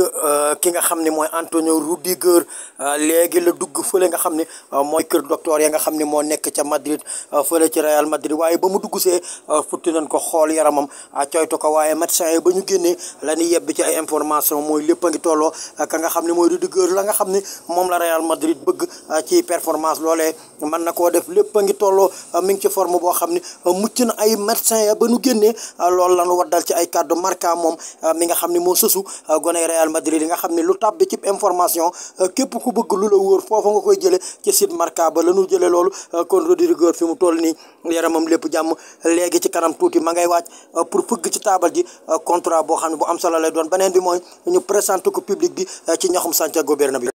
Euh, ki nga xam ni mooy Antonio Rudiger euh, léegi la dugg fële nga xam ne euh, mooy kër docteur ya nga xam ni moo nekk ca Madrid fële ci Real Madrid waaye ba mu dugg see futti nañ ko xool yaramam coytu ko waaye médecin yi ba ñu génnee la ñuy yebbi ci mooy lépp a ngi tolloo ka nga xam ne mooy Rudiger la nga xam ne moom la Real Madrid bëgg ci performance loolee mën na koo def lépp a ngi tolloo mi ngi ci forme boo xam ne mucc na ay médecin ya ba ñu génnee lool la ñu waddal ci ay kàddu Marca moom mi nga xam ne moo sësu gone Real Real Madrid nga xam ne lu tàbbi ci information euh, képp ku bëgg lu la wóor foofa nga koy jëlee ci site Marca ba la ñu jëlee loolu euh, kon Rodrigo fi mu toll nii yaramam lépp jàmm léegi ci kanam tuuti ma ngay waaj euh, pour fëgg ci taabal ji contrat boo xam ne bu am solo lay doon beneen bi mooy ñu présenté ko public bi ci ñaxum Santiago Bernabéu